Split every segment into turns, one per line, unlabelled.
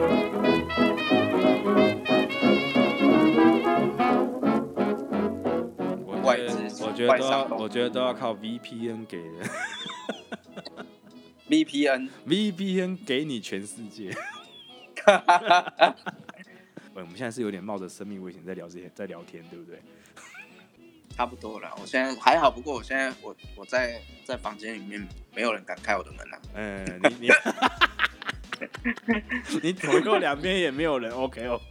我我覺得我覺得，都我覺得都要靠 VPN 給的，VPN VPN 給你全世界。喂， 我們現在是有點冒着生命危險在聊這些在聊天，對不對？
差不多了，我現在還好，不過我現在我我在在房間裡面，沒有人敢開我的門啊。嗯，你你。
你左右兩邊也沒有人，OK OK，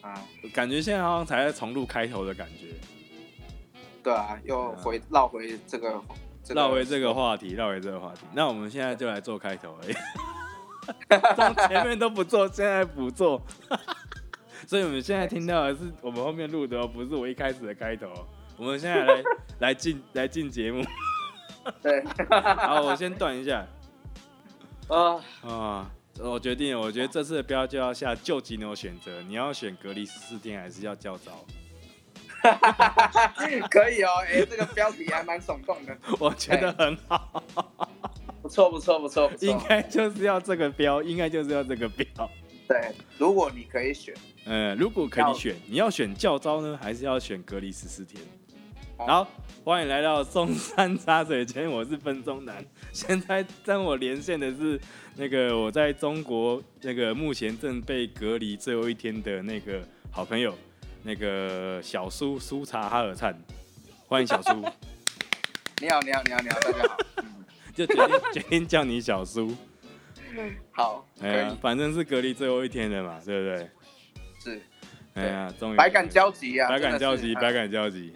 啊，感覺現在好像才在重錄開頭的感覺。對啊，又
回繞、
啊、回這個，繞、這個、回這個話題，繞回這個話題。那我們現在就來做開頭而已， 從前面都不做，現在不做。 所以我們現在聽到的是我們後面錄的，不是我一開始的開頭。我們現在來來進來進節目。對， 好，我先斷一下。啊、呃、啊。我決定，我覺得這次的標就要下究極の選擇。你要選隔離十四天，還是要教召？
可以哦，哎、欸，這
個標題還蠻聳動的。我
覺得很好、欸 不，不錯，不錯，
不錯，應該就是要這個標，對應該就是要這個標。對，如果你可以選，嗯，如果可以選，你要選教招呢，還是要選隔離十四天？好，好，歡迎來到松山茶水間，我是分中男。現在跟我連線的是那個我在中國，那個目前正被隔離最後一天的那個好朋友，那個小蘇蘇察哈爾燦，歡迎小蘇。 你好，
你好，你好，
你好，大家好。 就決定決定叫你小蘇。 好。哎呀，以反正是隔離最後一天的嘛，對不對？是。哎呀，終於百感、啊、交集啊！百感交集，百感交集。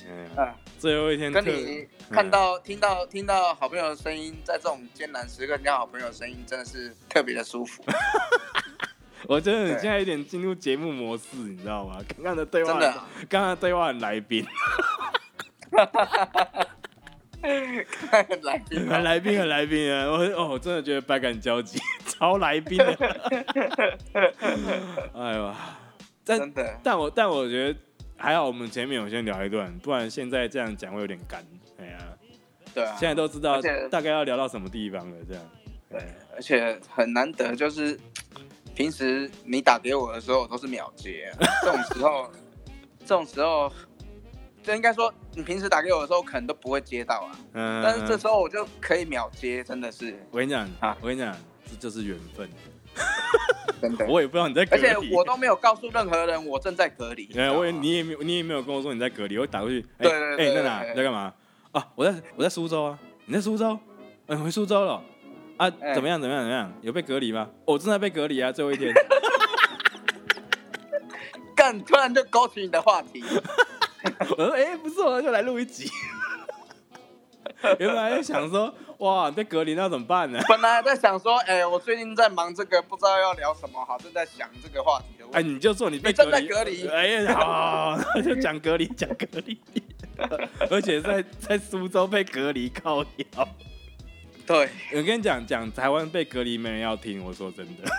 最後一天跟你看
到、哎、呀聽到、聽到好朋友的聲音，在這種艱難時刻，你看好朋友的聲音，真的是
特別的舒服。 我真的現在有點進入節目模式，你知道嗎？剛剛的對話，真剛、啊、對話很來賓。哈哈哈
哈
哈！很來賓，很來賓啊！我哦，我真的覺得百感交集，超來賓的。 哎呀。但真的但我但我覺得還好，我們前面有先聊一段，不然現在這樣講會有點乾，哎呀，對、啊，對啊、現在都知道且大概要聊到什麼地方了，這樣。對、啊對，而且很難得，就是
平時你打給我的時候都是秒接、啊， 這種時候，這種時候，就應該說你平時打給我的時候可能都不會接到啊，嗯，
但是這時
候我就可以秒接，真的是，
我跟你講，好我跟你講，這就是緣分。 我也不知道你在，而且我都
沒有告訴任何人我正在
隔離。哎、嗯，你我也你也沒你也沒有跟我說你在隔離，我打過去。欸、對對哎、欸，在哪？對對對對，你在幹嘛？啊，我在，我在蘇州啊。你在蘇州？嗯、欸，回蘇州了、喔。啊，怎麼樣？怎麼樣？怎麼樣？有被隔離嗎？我正在被隔離啊，最後一天。幹！ 突然就勾起你的話題。 我說，哎、欸，不是我，我就來錄一集。 原來想說。哇！被隔離那怎麼辦呢？本來在想說，哎、欸，我最近在忙這個，
不知道要
聊什麼，好正在想這個話題的題。哎，欸、你就說你被隔離，哎呀、欸，好好 就講隔離，講隔離， 而且在在蘇州被隔離靠。對，我跟你講講台灣被隔離沒人要聽，我說真的。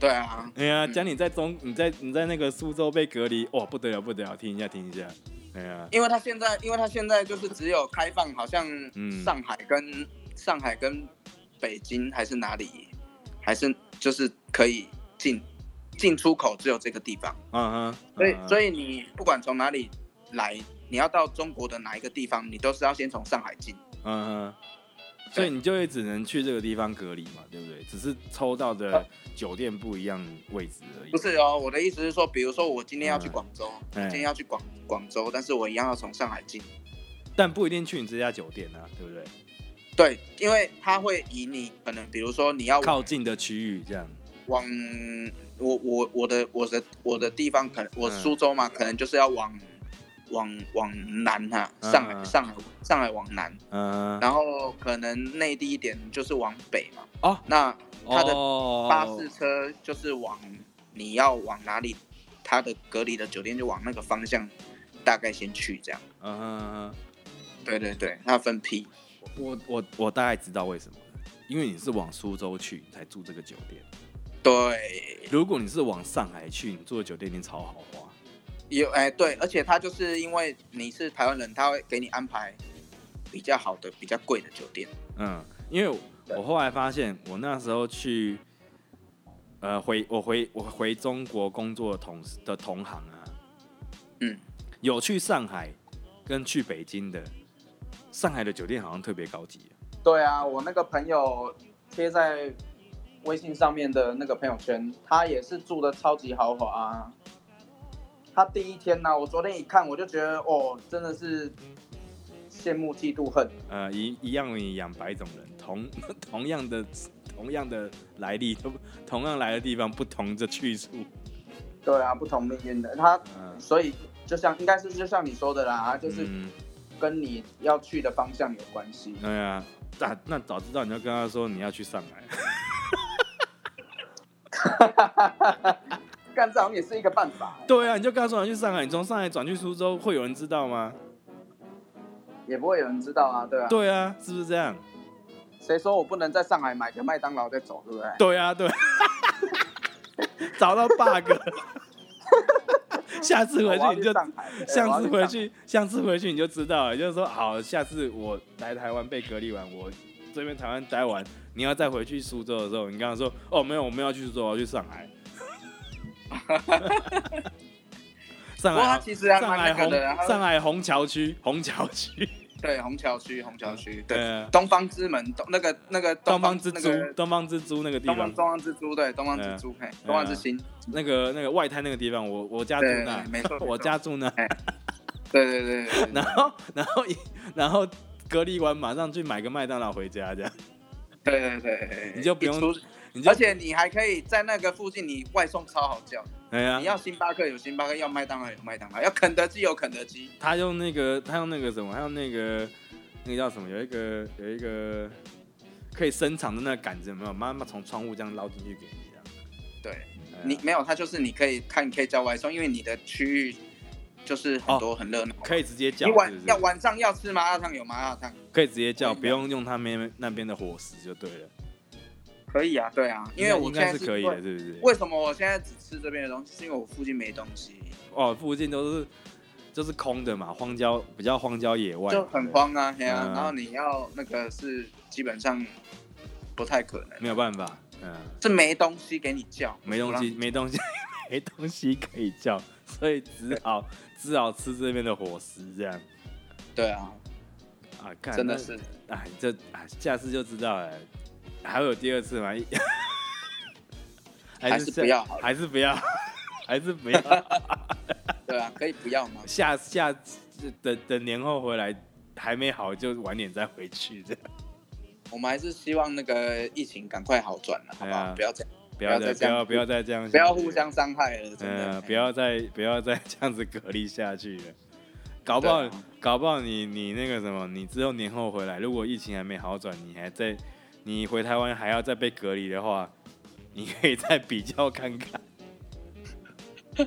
對啊，哎呀、啊，講、嗯、你在中你在你在那個蘇州被隔離，哇，不得了不得了，聽一下聽一下。Yeah. 因為
他現在，因為他現在就是只有開放，好像上海跟、嗯、上海跟北京還是哪裡，還是就是可以進進出口只有這個地方。
嗯、uh huh. uh huh. 所以
所以你不管從哪裡來，你要到中國的哪一個地方，你都是要先從上海進。嗯、
uh huh. 對所以你就會只能去這個地方隔離嘛，對不對？只是抽到的酒店不一樣位置而已。
啊、不是哦，我的意思是說，比如說我今天要去廣州，嗯嗯、今天要去廣廣州，但是我一樣要從上海進。
但不一定去你這家酒店啊，對不對？對，
因為他會以你可能，比如說你要靠近的區域這樣。往我我我的我的我的地方，可能我蘇州嘛，嗯、可能就是要往。往往南哈、啊，嗯、上海、嗯、上海上海往南，嗯，然後可能內地一點就是往北嘛，哦，那他的巴士車就是往、哦、你要往哪裡，他的隔離的酒店就往那個方向，大概先去這樣，嗯，
對對對，那分批，我我我大概知道為什麼了，因為你是往蘇州去才住這個酒店，對，如果你是往上海去，你住的酒店一定超豪華。
有哎、欸，對，而且他就是因為你是台灣人，他會給你安排比較
好的、比較貴的酒店。嗯，因為我，對我後來發現，我那時候去呃回我回我回中國工作的同的同行啊，嗯，有去上海跟去北京的，上海的酒店好像特別高級啊。
對啊，我那個朋友貼在微信上面的那個朋友圈，他也是住的超級豪華啊。他第一天呢、啊，我昨天一看，我就覺得哦，真的是羨慕嫉妒恨。
呃，一樣一樣養百種人，同同樣的同樣的來歷，同同樣來的地方，不同的去處。
對啊，不同命運的他，呃、所以就像應該是就像你說的啦，就是跟你要去的方向
有關係。對啊，那、啊、那早知道你就跟他說你要去上海。
幹仗也
是一個辦法、欸。對啊，你就告訴我去上海，你從上海轉去蘇州，會有人知道嗎？也不
會有人知道啊，對啊，對啊，是不是這樣？誰說我不能在上海買個麥當勞再走
對不對？對啊，對， 找到 bug。 下
次回去你就，上海下次回去，欸、去下次回
去你就知道了，就是說，好，下次我來台灣被隔離完，我這邊台灣待完，你要再回去蘇州的時候，你剛剛說，哦，沒有，我們要去蘇州，我要去上海。上海，上海虹橋區，虹橋區，
對，虹橋區，虹橋區，
對，東方之門，東那個那個東方之珠，東方之珠那個地方，東
方之珠，對，東方之珠，嘿，東方之
星，那個那個外灘那個地方，我我家住那，沒錯，我家住那，對對對，然後然後一，然後隔離完，馬上去買個麥當勞回家這樣，對對對，你就不用。而且
你還可以在那個附近，你外送超好叫。哎呀、啊，你要星巴克有星巴克，要麥當勞有麥當勞，要肯德基有肯德基。
他用那個，他用那個什麼，他用那個，那個叫什麼？有一個，有一個可以伸長的那個桿子，有沒有？媽媽從窗戶這樣撈進去給你、啊。對，對啊、你沒有，他就
是你可以看，可以叫外送，因為你的區域
就是很多、哦、很熱鬧，可以直接叫是不是。
晚要晚上要吃麻辣燙有麻辣燙，
可以直接叫，以不用用他們那邊的伙食就對了。可以啊，對啊，因為我現在是可以的，對不對？為
什麼我現在只吃這邊的東西？
是因為我附近沒東西。哦，附近都是就是空的嘛，荒郊比較荒郊野外，就很荒啊，啊嗯、然後
你要那個是基本上
不太可能，沒有辦法，嗯，是
沒東西給你叫，沒東西，
沒東西，沒東西可以叫，所以只好對只好吃這邊的伙食這樣。對啊，啊，幹，真的是，哎，這、啊、哎、啊，下次就知道了。還會有第二次嗎？還是不要？還是不要？還是不要？對啊，可以不要嗎？下下次等等年後回來，還沒好就晚點再回去這樣。我們還是希望那個疫情趕快好轉了，好不好？對啊，不要這樣，不要再這樣，不要再這樣，不要互
相傷害了。
嗯，不要再不要再這樣子隔離下去了。搞不好，對啊，搞不好你你那個什麼，你之後年後回來，如果疫情還沒好轉，你還在。你回台灣還要再被隔離的話，你可以再比較看看。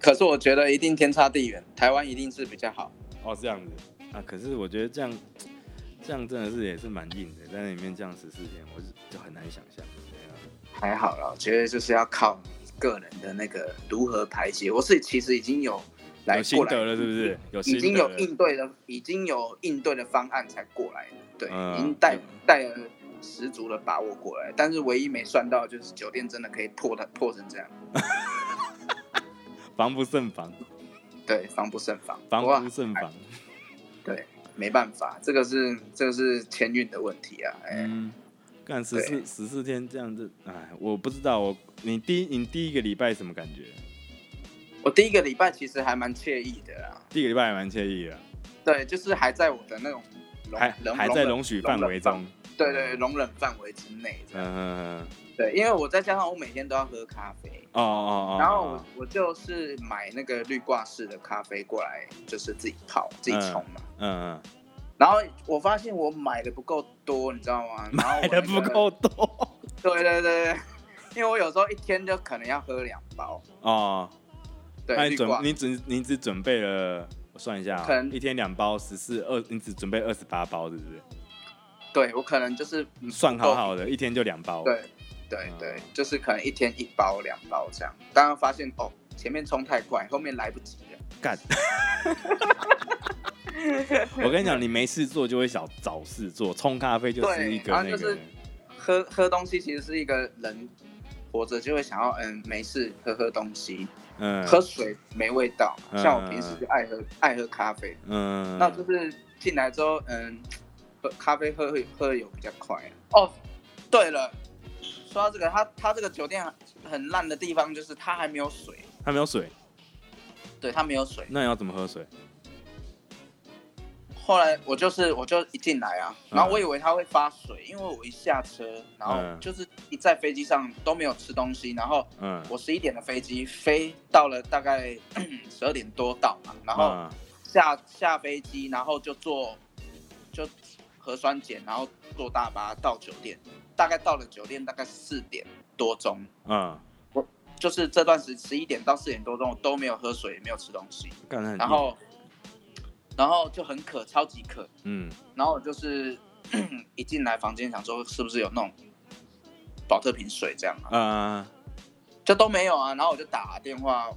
可是我
覺得一定天差地遠，台灣一定是比較好。
哦，這樣子啊。可是我覺得這樣，這樣真的是也是蠻硬的，在裡面這樣十四天，我是就很難想象。
還好了，我覺得就是要靠你個人的那個如何
排解。我是其實
已經有來過了，是不是？有心得了，已經有應對的，已經有應對的方案才過來的。對，已經帶帶了十足的把握過來，但是唯一沒算到就是酒店真的可以破的破成這樣，
防不勝防。對，防不勝防，防不，不勝防。對，沒辦法，
這個是這個是簽運的問題啊。嗯，幹十四
十四天這樣子，哎，我不知道我你第一你第一個禮拜什麼感覺？
我第一個禮拜其實還蠻愜意的
啊，第一個禮拜還蠻愜意的
啊。對，就是還在我的那種。還還在容許範圍中，冷嗯、對對，對，容忍範圍之內。嗯，對，因為我再加上我每天都要喝咖啡。
哦，哦，哦，哦，然後我
我就是買那個濾掛式的咖啡過來，就是自己泡、自己沖
嘛。
嗯，然後我發現我買的不夠多，你知道嗎？買的不夠多。對，對對
對，
因為我有時候一天就可能要喝兩包。
啊，那你準你只你只準備了？算一下，可能一天兩包十四二，14, 20, 你只準備二十八包是不是，對不對？對我可能就是算好好的，一天就兩包。對
對、嗯、對，就是可能一天一包兩包這樣。當然發現哦，前面衝太快，後面來不及了。幹！我跟你講，你
沒事做就會想找事做，沖咖啡就是一個那個、就是。
喝喝東西其實是一個人活着就會想要，嗯，沒事喝喝東西。嗯、喝水沒味道，嗯、
像我平時就
愛喝、嗯、愛喝咖啡，嗯，那就是進來之後，嗯，喝咖啡喝會喝有比較快、啊。哦，對了，說到這個，他他這個酒店很爛的地方就是他還沒有水，還沒有水，對，他沒有水，
那你要怎麼喝水？
後來我就是，我就一進來啊，然後我以為他會發水，嗯、因為我一下車，然後就是一在飛機上都沒有吃東西，然後嗯，我十一點的飛機飛到了大概十二 點多到嘛，然後下、嗯、下飛機，然後就坐就核酸檢，然後坐大巴到酒店，大概到了酒店大概四點多鐘，嗯，我就是這段時十一點到四點多鐘我都沒有喝水，沒有吃東西，
然後。
然後就很渴，超級渴。嗯，然後就是一進來房間，想說是不是有那種保特瓶水這樣
啊？嗯、
呃，就都沒有啊。然後我就打電話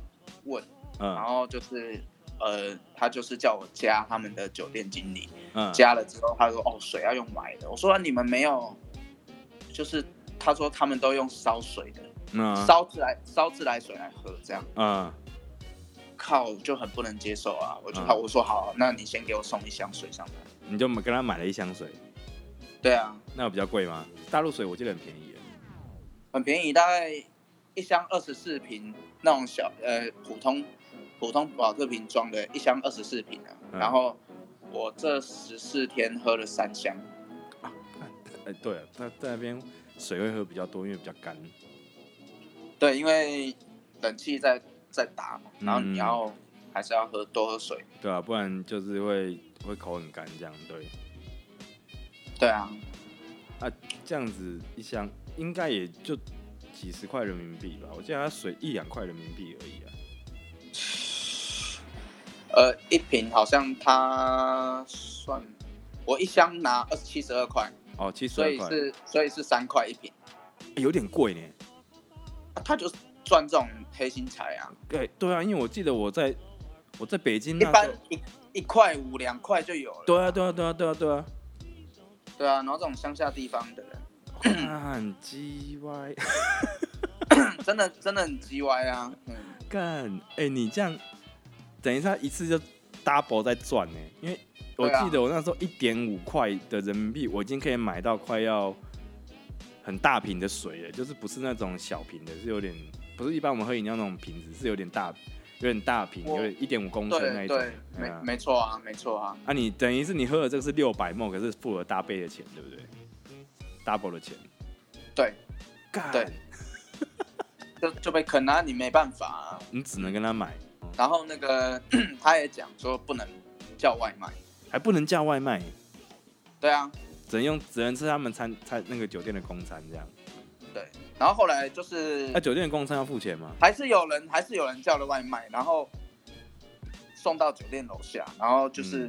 問，呃、然後就是呃，他就是叫我加他們的酒店經理。
加、呃、了
之後他說哦，水要用買的。我說你們沒有，就是他說他們都用燒水的，呃、燒自來燒自來水來喝這樣。嗯、呃。靠就很不能接受啊！我就靠，我說好，嗯、那你先給我送一箱水上來。
你就跟他買了一箱水？對啊。那有比較貴嗎？大陸水我記得很便宜耶，
很便宜，大概一箱
二十四瓶那種小呃，普通
普通保特瓶裝的，一箱二十四瓶啊。嗯、然後我這十四天喝了三箱。
哎、啊，對，在在那邊水會喝比較多，因為比較乾。
對，因為冷氣在，再打，
然後你要、嗯、
還是要喝多喝水，
對啊，不然就是會會口很乾這樣，對，對啊，啊，這樣子一箱應該也就幾十塊人民幣吧，我記得它水一兩塊人民幣而已啊，
呃，一瓶好像
它算我
一箱拿二十七十二塊，哦，七
十二塊，所以是
所以是三塊一瓶，
欸、有點貴呢，它
就是。賺這種
黑心財啊？對、okay, 對啊，因為我記得我在我在北京、那個，一般一
一塊五兩
塊就有了。對啊對啊對啊對啊對啊，
對啊！然後這種鄉下地方的
人、嗯、 很 G 機歪
真的真的很 G 歪啊！
幹、嗯、哎、欸，你這樣，等一下一次就 double 再賺呢、欸？因為我記得我那時候一點五塊的人民幣，啊、我已經可以買到快要很大瓶的水了，就是不是那種小瓶的，是有點。不是一般我們喝飲料那種瓶子，是有點大，有點大瓶，我有點一點五公升那一種。對，對對吧沒沒
錯啊，沒錯啊。
啊你，你等於是你喝的這個是六百 ml，可是付了 double 的錢，對不對？double 的錢。對，幹對。
就就被坑啊！你沒辦法、啊，
你只能跟他買。
嗯、然後那個他也講說，不能叫外賣，
還不能叫外賣。
對啊，
只能用，只能吃他們餐餐那個酒店的公餐這樣。對。
然後後來就是，是，那、啊、酒
店供餐要付錢嗎？
還是有人還是有人叫了外賣，然後送到酒店樓下，然
後就是、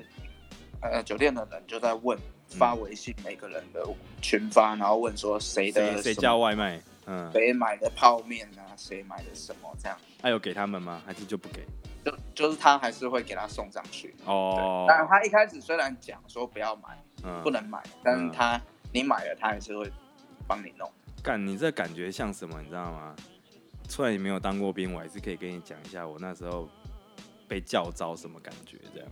嗯、呃酒店的人就在問，
嗯、發微信每個人的
群發，然後
問說誰的誰，誰叫外賣，嗯，誰買的
泡麵啊，誰買的什麼這樣？
還、啊、有給他們嗎？還是就不給？就
就是他還是會給他送上去哦。
但他
一開始雖然講說不要買，嗯、不能買，但
是他、嗯、你買了他還是會幫你弄。幹你這感覺像什麼？你知道嗎？雖然你沒有當過兵，我還是可以跟你講一下我那時候被教召什麼感覺這樣。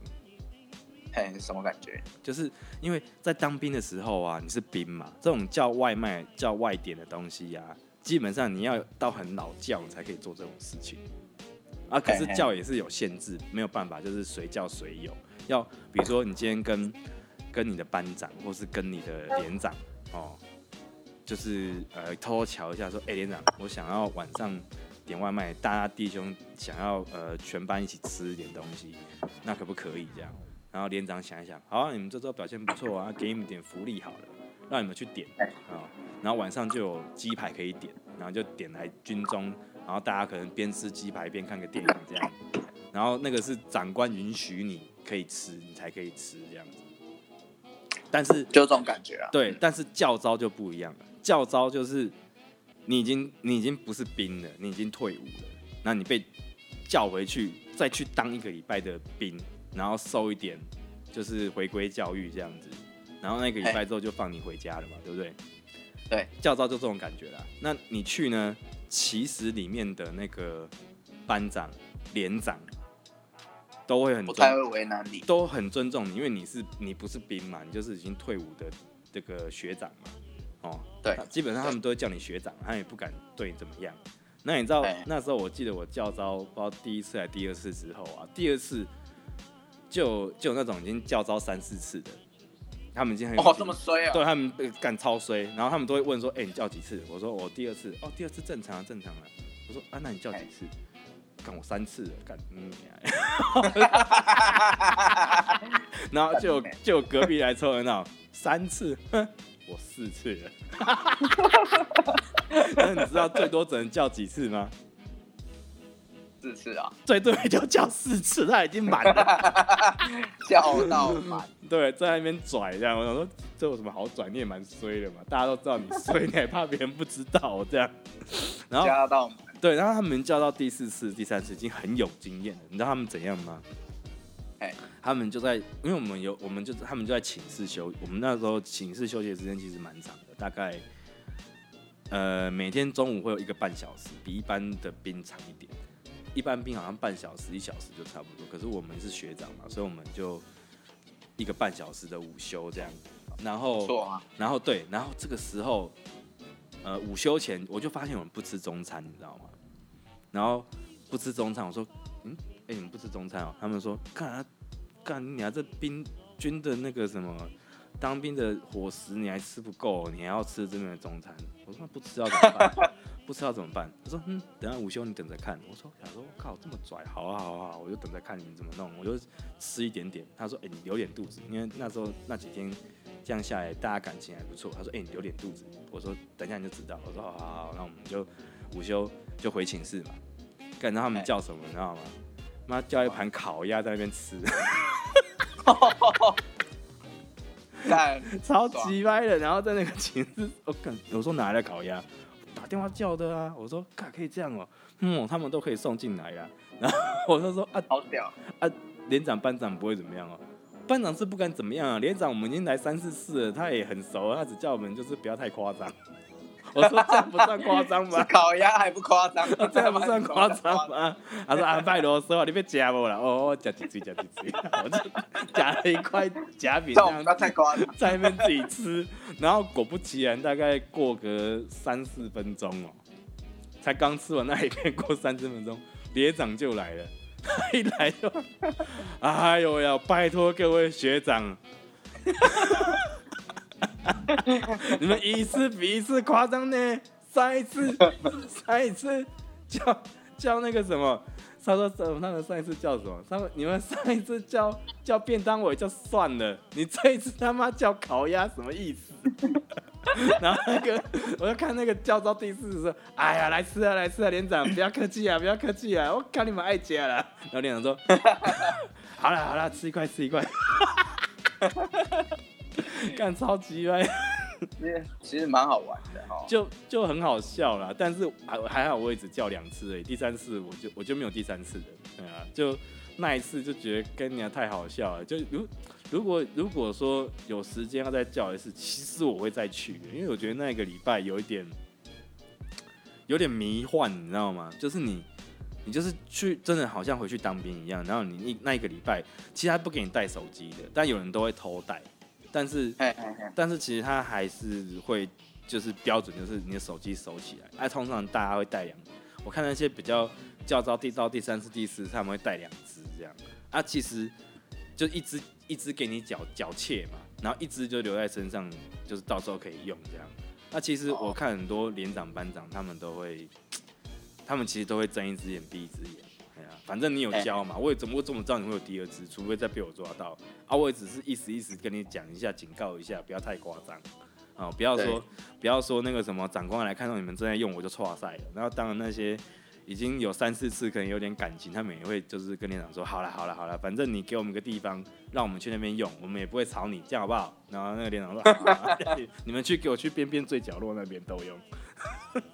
嘿，什麼感覺？就是因為在當兵的時候啊，你是兵嘛，這種叫外賣、叫外點的東西呀、啊，基本上你要到很老叫你才可以做這種事情。
啊，可是叫也是
有限制，沒有辦法，就是隨叫隨有。要比如說，你今天跟跟你的班長，或是跟你的連長，哦。就是呃，偷偷瞧一下，說，哎、欸，連長，我想要晚上點外賣，大家弟兄想要呃，全班一起吃一點東西，那可不可以這樣？然後連長想一想，好，你們這周表現不錯啊，給你們點福利好了，讓你們去點啊。然後晚上就有雞排可以點，然後就點來軍中，然後大家可能邊吃雞排邊看個電影這樣。然後那個是長官允許你可以吃，你才可以吃這樣子。但是就這種感覺啊。對，嗯、但是教召就不一樣了。教召就是你已經你已經不是兵了，你已經退伍了，那你被叫回去再去當一個禮拜的兵，然後收一點就是回歸教育這樣子，然後那個禮拜之後就放你回家了嘛，嘿對不對？對，教召就這種感覺啦。那你去呢，其實裡面的那個班長、連長都會很尊，不太會為難你，都很尊重你，因為你是你不是兵嘛，你就是已經退伍的這個學長嘛。哦，對，基本上他們都會叫你學長，對他們也不敢對你怎麼樣。那你知道對那時候，我記得我教召，不知道第一次還是，第二次之後啊，第二次就就那種已經教召三四次的，他們已經哦、喔、這麼衰啊、喔，對他們幹、呃、超衰，然後他們都會問說：“哎、欸，你叫幾次？”我說：“我第二次。喔”哦，第二次正常啊，正常啊。我說：“啊，那你叫幾次？”幹對我三次了，幹嗯，然後就就隔壁來抽的鬧， 三次，哼。哦、四次了，那 你知道最多只能叫幾次嗎？四次啊，最多就叫四次，他已經滿了， 叫到滿， 對，在那邊拽這樣。我想說這有什麼好拽？你也蠻衰的嘛，大家都知道你衰，你還怕別人不知道這樣？ 然後加到滿，對，然後他們叫到第四次、第三次已經很有經驗了，你知道他們怎樣嗎？他們就在，因為我們有，我們就他們就在寢室休。我們那時候寢室休息的時間其實蠻長的，大概，呃，每天中午會有一個半小時，比一般的兵長一點。一般兵好像半小時、一小時就差不多，可是我們是學長嘛，所以我們就一個半小時的午休這樣。然後、啊、然後對，然後這個時候，呃，午休前我就發現我們不吃中餐，你知道嗎？然後不吃中餐，我說，嗯，哎、欸，你們不吃中餐哦、喔？他們說，看。幹，你還、啊、這兵軍的那個什麼，當兵的伙食你還吃不夠、哦，你還要吃這邊的中餐。我說那不吃要怎麼辦？ 不吃要怎麼辦？他說：嗯，等下午休你等着看。我說：，想說我靠，這麼拽，好、啊、好好、啊、好，我就等着看你怎麼弄，我就吃一點點。他說：，哎、欸，你留點肚子，因為那時候那幾天這樣下來，大家感情還不錯。他說：，哎、欸，你留點肚子。我說：，等一下你就知道。我說：，好，好，好那、啊、我們就午休就回寢室嘛。幹，然後他們叫什麼？欸、你知道嗎？媽叫一盤烤鴨在那邊吃。哈 超級歪的，然後在那個寢室，我爽、哦、我說哪來的烤鴨？打電話叫的啊！我說，幹可以這樣哦、喔，嗯，他們都可以送進來呀。然後我就說啊，好屌啊！連長班長不會怎麼樣哦、喔，班長是不敢怎麼樣啊。連長，我們已經來三四次了，他也很熟，他只叫我們就是不要太誇張。我說
這不算誇張嗎？烤鴨還不誇張，
這不誇張還不算誇張嗎？他說啊，別囉嗦，你別夾我啦！哦，我夾一嘴，夾一嘴， 我就夾了一塊夾餅上，太誇張在那邊自己吃。然後果不其然，大概過個三四分鐘哦、喔，才剛吃完那一片，過三四分鐘，連長就來了， 一來就，哎呦呀，要拜托各位學長。 你們一次比一次誇張呢！上一次，上一次,上一次叫叫那個什麼，他說他們上一次叫什麼？他們你們上一次叫叫便當我就算了。你這一次他媽叫烤鴨，什麼意思？ 然後那個我就看那個教召第四的時候，哎呀，來吃啊，來吃啊，連長不要客氣啊，不要客氣啊！我看你們愛家了。然後連長說， 好了好了，吃一塊，吃一塊。 干超級快，其實蠻好玩的、哦、就就很好笑啦，但是還還好，我也只叫兩次而已，第三次我就我就沒有第三次的。對啊，就那一次就覺得跟人家太好笑了。就如如果如果說有時間要再叫一次，其實我會再去的，因為我覺得那一個禮拜有一點有點迷幻，你知道嗎？就是你你就是去真的好像回去當兵一樣，然後你那那一個禮拜其實他不給你帶手機的，但有人都會偷帶。但是，但是其實他還是會，就是標準，就是你的手機收起來。哎、啊，通常大家會帶兩，我看那些比較較招第到第三次、第四次，他們會帶兩隻這樣。啊，其實就一隻一隻給你繳繳械嘛，然後一隻就留在身上，就是到時候可以用這樣。那、啊、其實我看很多連長、班長，他們都會，他們其實都會睜一隻眼閉一隻眼。反正你有教嘛，對我也怎麼會這麼知道你會有第二次，除非再被我抓到。啊，我也只是一時一時跟你講一下，警告一下，不要太誇張，啊、哦，不要說對不要說那個什麼長官來看到你們正在用，我就挫賽了。然後當然那些已經有三四次，可能有點感情，他們也會就是跟連長說，好了好了好了，反正你給我們個地方，讓我們去那邊用，我們也不會吵你，這樣好不好？然後那個連長說、啊， 你們去給我去邊邊最角落那邊都用，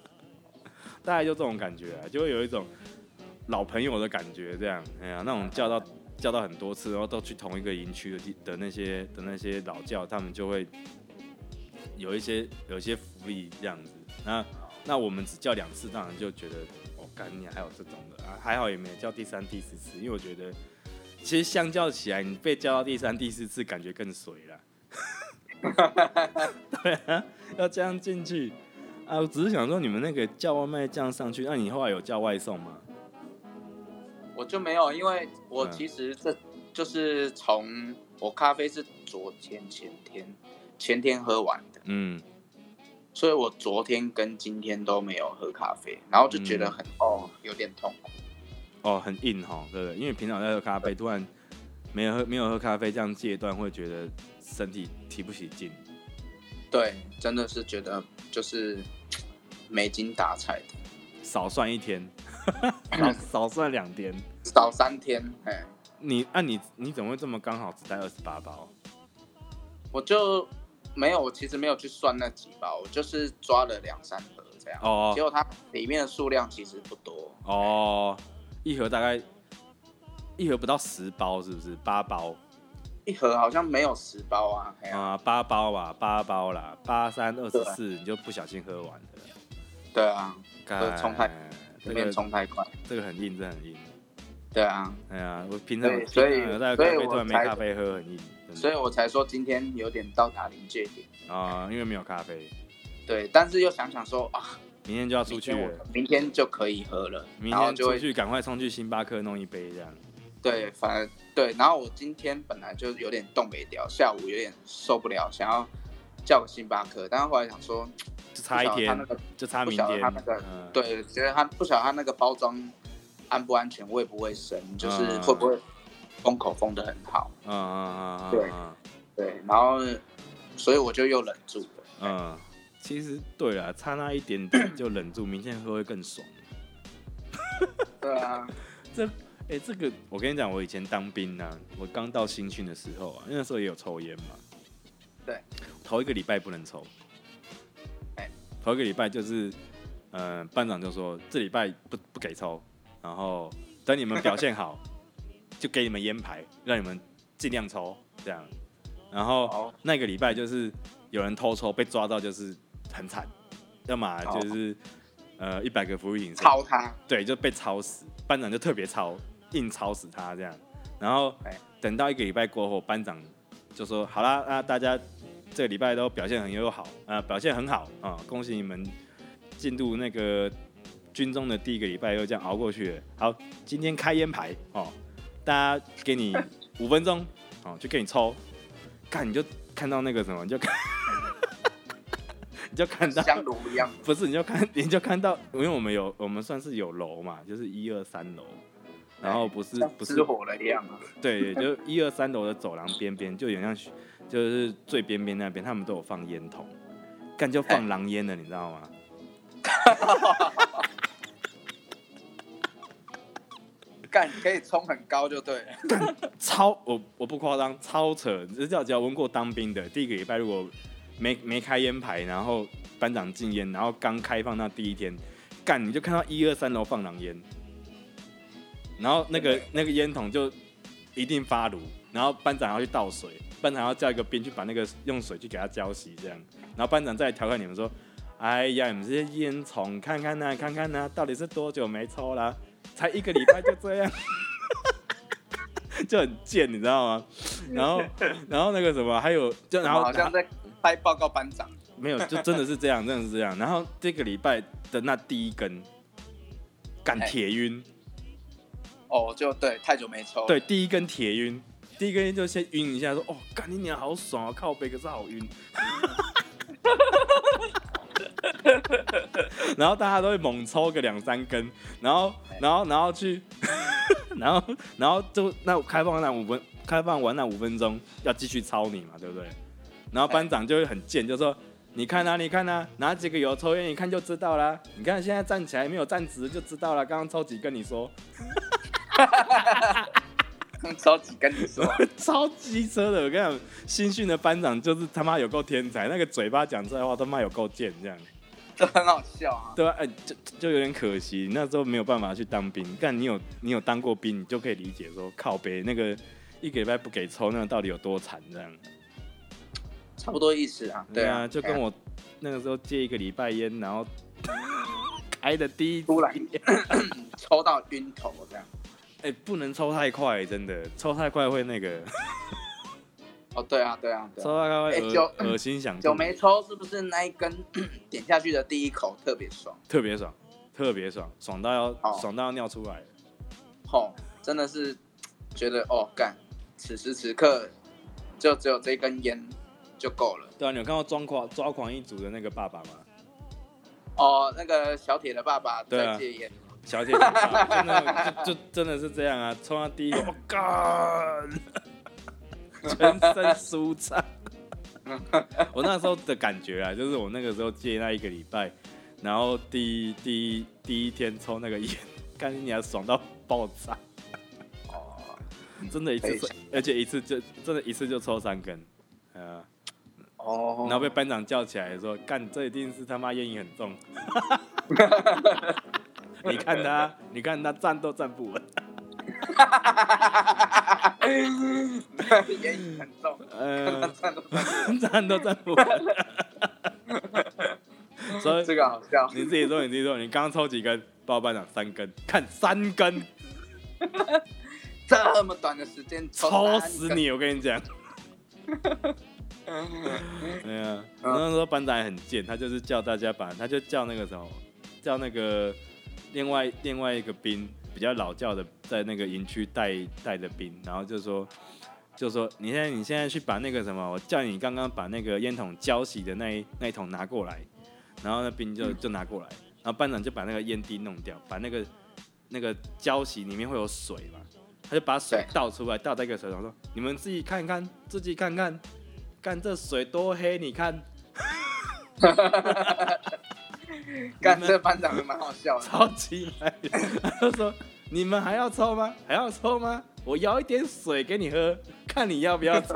大概就這種感覺，就會有一種。老朋友的感覺，這樣，哎呀、啊，那我們叫到叫到很多次，然後都去同一個營區的的那些的那些老教，他們就會有一些有一些福利這樣子。那那我們只叫兩次，當然就覺得，哦，幹你還有這種的啊，還好也沒有叫第三、第四次，因為我覺得其實相較起來，你被叫到第三、第四次，感覺更水了。 對啊，要這樣進去啊，我只是想說你們那個叫外賣這樣上去，那你後來有叫外送嗎？
我就沒有，因為我其實這就是從我咖啡是昨天前天前天喝完的，嗯，所以我昨天跟今天都沒有喝咖啡，
然後就覺得很、
嗯、哦有點痛苦，
哦很硬吼、哦，對，對，因為平常在喝咖啡，對突然沒有喝沒有喝咖啡這樣戒斷會覺得身體提不起勁，
對，真的是覺得就是沒精打采
的，少算一天。 少，少算兩天，
少三天。
哎，你，哎、啊、你，你怎麼會這麼剛好只帶二十八包？我就
沒有，我其實沒有去算那幾包，我就是抓了兩三盒這樣。哦，哦，結果它裡面的數量其實不多。
哦，哦，嘿一盒大概一盒不到十包，是不是？八包？
一盒好像沒有十包啊。
嘿啊、嗯，八包吧，八包啦，八三二十四，對你就不小心喝完的。對啊，剛剛這邊沖太快，這個很硬，真很硬。對啊，對啊，我平常所以沒咖啡喝，很硬。所
以，我才說今天有點到達臨界
點啊，因為沒有咖啡。對，
但是又想想說啊，
明天就要出去，明天就可以喝了，明天就去趕快沖去星巴克弄一杯這樣。
對，反正對，然後我今天本來就有點凍未條，下午有點受不了，想要叫個星巴克，但是後來想說。就差一天，就差明天。對，覺得他不曉得他那個包裝安不安全，衛不衛生，就是會不
會
封口封的很好。嗯嗯嗯嗯，對對，然後所以我就又忍住
了。嗯，其實對啊，差那一點點就忍住，明天喝會更爽。對啊，這哎，這個我跟你講，我以前當兵呢，我剛到新訓的時候啊，那時候也有抽煙嘛。對，頭一個禮拜不能抽。一個禮拜就是，嗯、呃，班長就說這禮拜不不給抽，然後等你們表現好， 就給你們煙牌，讓你們盡量抽這樣。然後好那個禮拜就是有人偷抽被抓到就是很慘，要麼就是好呃一百個服務型，操他，對，就被操死。班長就特別操，硬操死他這樣。然後對等到一個禮拜過後，班長就說好啦那大家。這個禮拜都表現很友好，呃，表現很好，啊，哦，恭喜你們進入那個軍中的第一個禮拜又這樣熬過去了。好，今天開煙牌哦，大家給你五分鐘哦，就給你抽，看你就看到那個什麼，你就看， 你就看到香爐一樣，不是，你就看，你就看到，因為我們有我們算是有樓嘛，就是一二三樓，然後不是不是火
的，對，就
一二三樓的走廊邊邊，就有點像。就是最邊邊那邊，他們都有放煙筒，幹就放狼煙的，欸、你知道嗎？
幹 可以衝很高就對
了。 超我我不誇張，超扯！這叫只要問過當兵的，第一個禮拜如果沒沒開煙牌，然後班長禁煙，然後剛開放那第一天，幹你就看到一二三樓放狼煙，然後那個對對對那個煙筒就一定發爐，然後班長要去倒水。班長要叫一個兵去把那個用水去給他澆熄，這樣，然後班長再來調侃你們說：“哎呀，你們這些煙囪，看看吶、啊，看看吶、啊，到底是多久沒抽啦？才一個禮拜就這樣， 就很賤，你知道嗎？”然後，然後那個什麼，還有就然後好像在
拍報告，班長、啊、沒有，就真的
是這樣，真的是這樣。然後這個禮拜的那第一根，幹鐵暈，哦，就對，太久沒抽，對，第一根鐵暈。第一根菸就先暈一下說，說哦，幹你娘好爽啊，靠北，可是好暈。然後大家都會猛抽個兩三根，然後，然後，然後去， 然後，然後就那開放那五分，開放完那五分鐘要繼續抄你嘛，對不對？然後班長就會很賤，就說你看哪、啊、你看吶、啊，哪幾個有抽菸，一看就知道啦。你看現在站起來沒有站直，就知道了。剛剛抽幾根你說。
超級跟
你說、啊， 超機車的。我跟你講，新訓的班長就是他媽有夠天才，那個嘴巴講出來話，他媽有夠賤，這樣都很好笑、啊。啊。對，哎，就就有點可惜，那時候沒有辦法去當兵。但你有你有當過兵，你就可以理解說靠北那個一個禮拜不給抽，那個到底有多慘，這樣差不
多意思啊。對啊，就跟我
那個時候借一個禮拜菸，然後挨 的第一突來然 抽到暈頭這樣。.哎、欸，不能抽太快，真的，抽太快會那個。
哦，對啊，對啊，對啊，抽太快會惡惡、欸、心想。酒沒抽，是不是那一根 點下去的第一口特別爽，爽？
特別爽，特別爽，爽到要、哦、爽到要尿出來。
吼、哦，真的是覺得哦，幹，此時此刻就只有這一根煙就夠了。
對啊，你有看到抓狂抓狂一族的那個爸爸嗎？
哦，那個小鐵的爸爸在戒煙。對啊。
小姐，姐，真的就就，就真的是這樣啊！抽到第一，我幹，全身舒暢。 我那時候的感覺啊，就是我那個時候戒那一個禮拜，然後第一第一第一天抽那個煙，感覺你還爽到爆炸。哦，oh, 真的，一次，Hey. 而且一次就真的，一次就抽三根啊。哦，oh. 然後被班長叫起來說：“幹，這一定是他媽煙癮很重。 ” 你看他，你看他站都站不穩，眼影很
重，嗯，站都站不
穩，所以這個好笑，你自己說，你自己說，你剛剛抽幾根，報告班長，三根，看三根，
哈哈！這麼短的時間抽死你，我跟你講，
哈哈！對啊，那時候班長也很賤，他就是叫大家把，他就叫那個什麼，叫那個。另外另外一個兵比較老教的，在那個營區帶帶的兵，然後就說就說你現在你現在去把那個什麼，我叫你剛剛把那個煙筒膠洗的那一那一桶拿過來，然後那兵就就拿過來，嗯、然後班長就把那個煙蒂弄掉，把那個那個膠洗裡面會有水嘛，他就把水倒出來對倒在一個水桶，說你們自己看一看，自己看看，看這水多黑，你看。 幹、嗯、們這班長也蠻好笑超級，他、哎、 說：“你們還要抽嗎？還要抽嗎？我舀一點水給你喝，看你要不要抽。”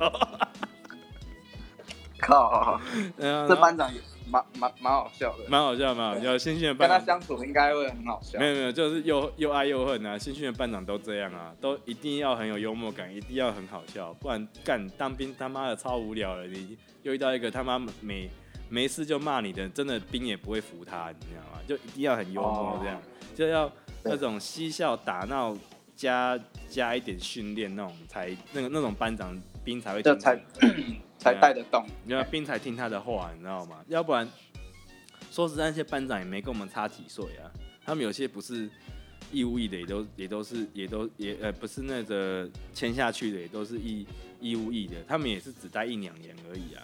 靠，後這班長也蠻蠻蠻好笑的，蠻後好笑，蠻好笑。對新訓的班長跟他相處應該會很好
笑。沒有沒有，
就是又又愛又恨啊！新訓的班長都這樣啊，都一定要很有幽默感，一定要很好笑，不然幹當兵他媽的超無聊了。你又遇到一個他媽沒。沒事就罵你的，真的兵也不會服他，你知道嗎？就一定要很幽默這樣，哦、就要那種嬉笑打鬧加對 加一點訓練那種才那個那種班長兵才會聽才、啊、 才帶得動，你知道，因為 Okay 兵才聽他的話，你知道嗎？要不然，說實在，那些班長也沒跟我們差幾歲啊。他們有些不是義務役的，也都也都是，也都也呃不是那個簽下去的，也都是一義務役的。他們也是只待一兩年而已啊。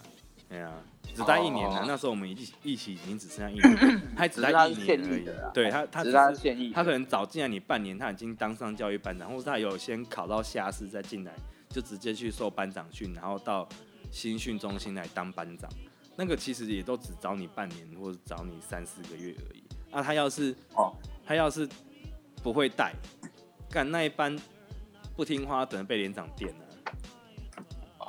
哎呀，只待、啊、一年呢、啊，oh, oh. 那時候我們一起一起已經只剩下一年，他只待一年而已。對他，他只當現役，他、就是、可能早進來你半年，他已經當上教育班長，或者他有先考到下士再進來，就直接去受班長訓，然後到新訓中心來當班長。那個其實也都只找你半年，或者找你三四個月而已。那、啊、他要是哦，他、oh. 要是不會帶，幹那一班不聽話，只能被連長電了。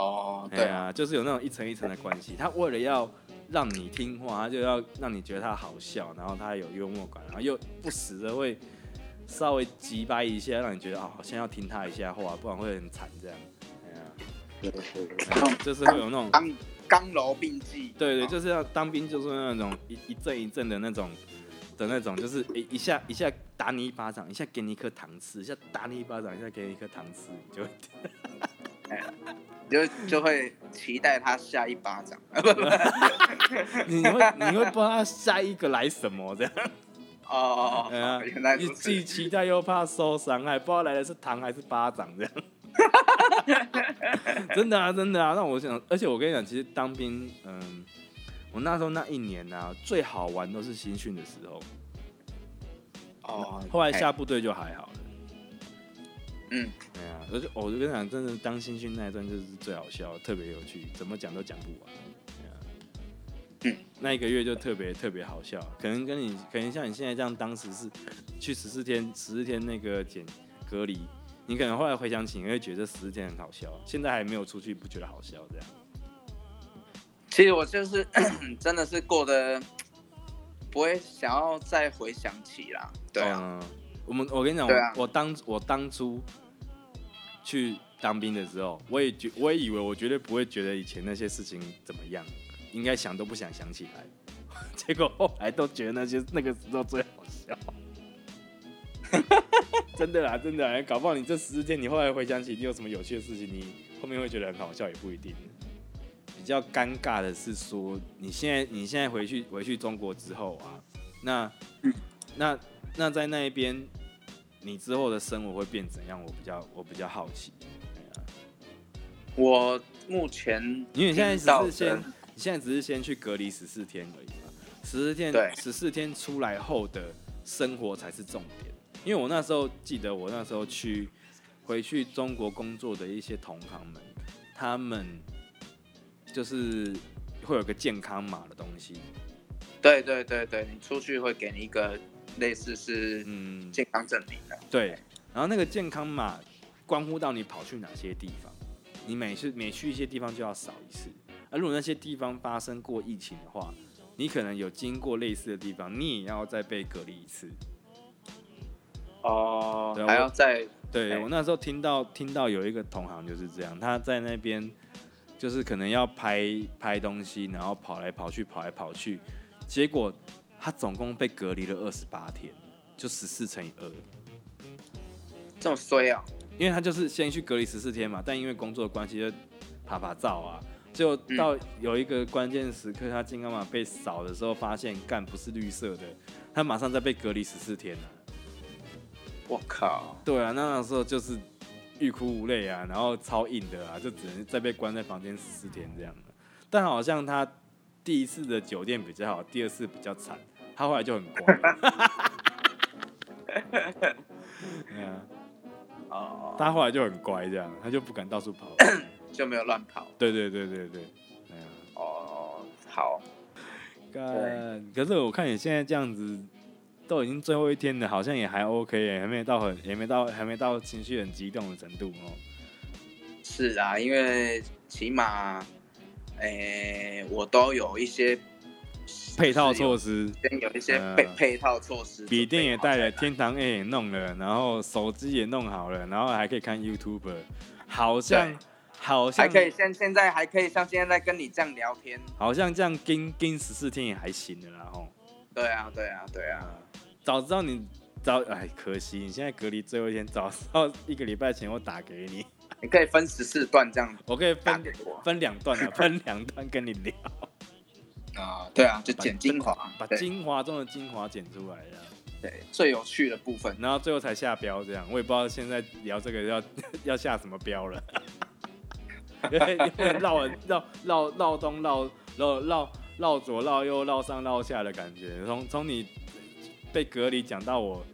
哦，oh, 對啊，對就是有那種一層一層的關係。對他為了要讓你聽話，他就要讓你覺得他好笑，然後他有幽默感，然後又不時的會稍微機掰一下，讓你覺得啊，好、哦、像要聽他一下話，不然會很慘這樣。對、啊、對，對然後就是會有那種剛柔並濟。對，對對，啊、就是要當兵，就是那種一一陣一陣的那種的那種，那種就是一、欸、一下一下打你一巴掌，一下給你一顆糖吃，一下打你一巴掌，一下給你一顆糖吃，你就會。 就就會期待他下一巴掌 你，你會你會不知道他下一個來什麼？這樣。哦，原來，你既期待又怕受傷害，不知道來的是糖還是巴掌這樣。真的啊，真的啊！那我想，而且我跟你講，其實當兵，嗯，我那時候那一年呢、啊，最好玩都是新訓的時候。哦，oh, 後來下部隊就還好了。Hey. 嗯，對啊，而且我就跟你講，真的當新訓那一段就是最好笑，特別有趣，怎麼講都講不完。對啊，嗯，那一個月就特別特別好笑，可能跟你，可能像你現在這樣，當時是去十四天，十四天那個檢隔離，你可能後來回想起，你會覺得十四天很好笑，現在還沒有出去，不覺得好笑這樣。
其實我就是咳咳真的是過得不會想要再回想起啦。
對啊。哦嗯我們我跟你講，啊、我,我當我當初去當兵的時候，我也覺我也以為我絕對不會覺得以前那些事情怎麼樣，應該想都不想想起來。結果後來都覺得那些那個時候最好笑。 真的啦，真的啦，搞不好你這十四天你後來回想起你有什麼有趣的事情，你後面會覺得很好笑也不一定。比較尷尬的是說，你現在你現在回去回去中國之後啊，那、嗯、那那在那一邊。你之後的生活會變怎樣？我比較我比較好奇。對啊，我目前因為你現在只是先，嗯、你現在只是先去隔離十四天而已嘛。十四天，對，十四天出來後的生活才是重點。因為我那時候記得，我那時候去回去中國工作的一些同行們，他們就是會有個健康碼的東西。
對對對對，你出去會給你一個。嗯類似是嗯
健康證明的，嗯，對，然後那個健康碼關乎到你跑去哪些地方，你每次每去一些地方就要掃一次，而、啊、如果那些地方發生過疫情的話，你可能有經過類似的地方，你也要再被隔離一次。哦、呃，還要再，我哎、在對、哎、我那時候聽到聽到有一個同行就是這樣，他在那邊就是可能要拍拍東西，然後跑來跑去跑來跑去，結果。他總共被隔離了二十八天，就十四乘以二。這麼衰啊！因為他就是先去隔離十四天嘛，但因為工作關係就趴趴走啊，就到有一個關鍵時刻，嗯、他健康碼被掃的時候發現幹不是綠色的，他馬上再被隔離十四天了，啊。我靠！對啊，那時候就是欲哭無淚啊，然後超硬的啊，就只能再被關在房間十四天這樣。但好像他第一次的酒店比較好，第二次比較慘。他後來就很乖， 啊、他後來就很乖，這樣他就不敢到處跑， 就沒有亂跑。對對對對對、對，啊、哦，好，對，可是我看你現在這樣子，都已經最後一天了，好像也還 OK、欸、還沒到很，還沒到，還沒到情緒很激動的程度哦。是啊，因為起碼，誒、欸，我
都有一些。
配套措施，是是有一些配配
套措施、
呃，筆電也帶了，天堂 A 也弄了，然後手機也弄好了，然後還可以看 YouTube，好像對好像還可以
像現在還可以像現在，在跟你這樣聊天，
好像這樣跟跟十四天也還行的，然後
對啊對啊
對啊、嗯，早知道你早哎可惜你現在隔離最後一天，早知道一個禮拜前我打給你，你可以分十四段這樣我，我可以分兩段、啊、 分兩段跟你聊。
啊，對啊，就剪精華，把精
華中的精華剪出來的，對，對最有趣的部分，然後最後才下標這樣，我也不知道現在聊這個要呵呵要下什麼標了，因為繞繞繞繞東繞繞繞繞左繞右繞上繞下的感覺，從從你被隔離講到我，我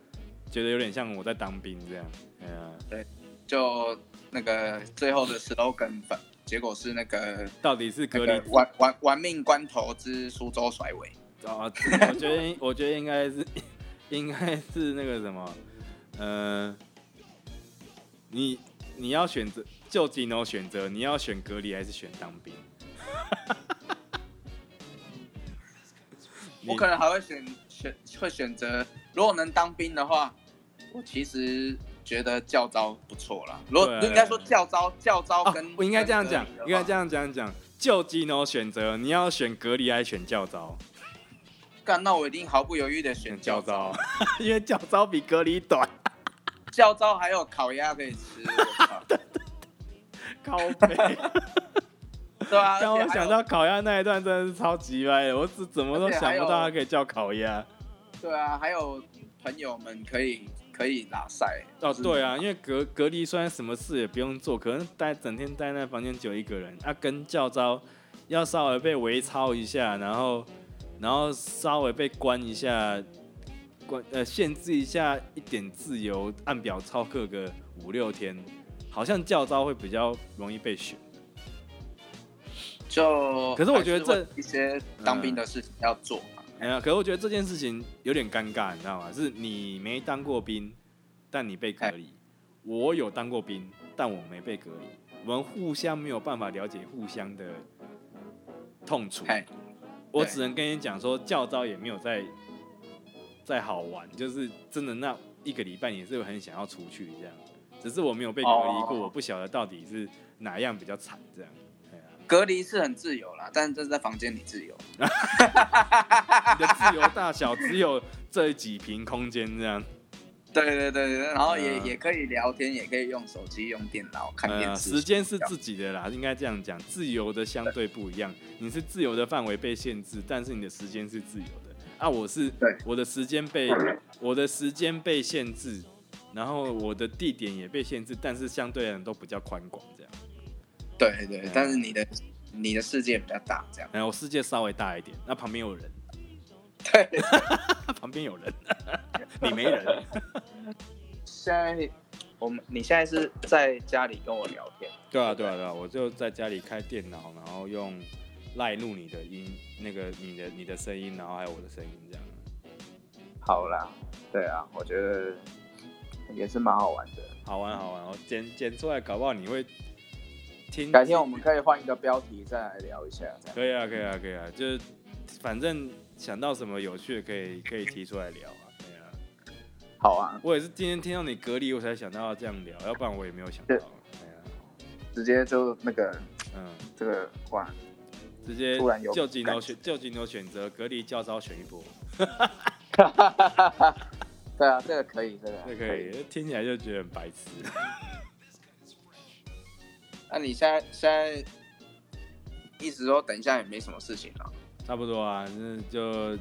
覺得有點像我在當兵這樣，對啊，對，就那
個最後的 slogan 粉。 結果是那個，到底是隔離？玩玩玩命關頭之蘇州甩尾。
啊，我覺得我覺得應該是， 應該是那個什麼，呃，你你要選擇就只能選擇，你要選隔離還是選當兵？ 我可能還會選選會選擇，如果
能當兵的話，我其實。覺得教召不錯了，如、啊、應該說教召，教召跟、啊、我應該這樣講，
應該這樣講講，就只能選擇你要選隔離還是選教召？
幹，那我一定毫不猶豫的選教召，教
召 因為教召比隔離短，
教召還有
烤鴨可以吃，烤鴨， 對啊。但我想到烤鴨那一段真的是超級歪，我是怎麼都想不到它可以叫烤鴨。
對啊，還有朋友們可
以。可以拿賽哦、就是啊，對啊，因為隔隔離雖然什麼事也不用做，可能待整天待在房間只有一個人，啊，跟教召要稍微被微操一下，然後然後稍微被關一下，關呃限制一下一點自由，按表操課個五六天，好像教召會比較容易被選。
就可是我覺得這一
些當兵的事情要做。嗯哎呀，I know, 可是我覺得這件事情有點尷尬，你知道嗎？是你沒當過兵，但你被隔離；嘿我有當過兵，但我沒被隔離。我們互相沒有辦法了解互相的痛楚。嘿我只能跟你講說，教召也沒有再再好玩，就是真的那一個禮拜也是很想要出去這樣。只是我沒有被隔離過，哦、好好我不曉得到底是哪樣比較慘這樣。隔離是很自由啦，但是這是在房間裡自由。 你的自由大小只有這幾平空間這樣。 對對對，然後也、呃、也
可以聊天，也可以用手機、用電腦看電視、呃。時
間是自己的啦，樣應該這樣講，自由的相對不一樣。對你是自由的範圍被限制，但是你的時間是自由的。啊，我是對我的時間被 我的時間被限制，然後我的地點也被限制，但是相對來講都比較寬廣這樣。對，對對，嗯、但是你的你的世界比較大，這樣、嗯。我世界稍微大一點，那旁邊有人。對，對 旁邊有人， 你沒人。現在我們，你
現在是在
家裡跟我聊天對、啊？對啊，對啊，對啊，我就在家裡開電腦，然後用賴錄你的音，那個你的你的聲音，然後還有我的聲音，這樣。好啦，對啊，我覺得也是蠻好玩的。好玩,好玩，好玩、嗯，我剪剪出來，搞不好你會。聽聽
改天我
們可以換一個標題再來聊一下。可以啊，可以啊，可以啊，就反正想到什麼有趣的可以可以提出來聊啊。對啊，好啊，我也是今天聽到你隔離我才想到要這樣聊，要不然我也沒有想到。
是啊、直接就那個，嗯，
這個換，直接就究極の,突然有究極選就究極選擇隔離教召選一波。 對啊，這個可以，這個，這個可以，可以聽起來就覺得很白痴。 那你
現在現在，意思說等一下也沒什麼事情了，
差不多啊，那就誒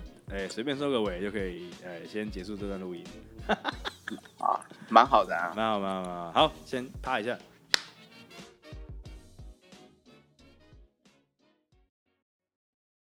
隨、欸、便收個尾就可以，誒、欸、先結束這段錄音， 啊，蠻好的啊，蠻好蠻好蠻好，好，先趴一下。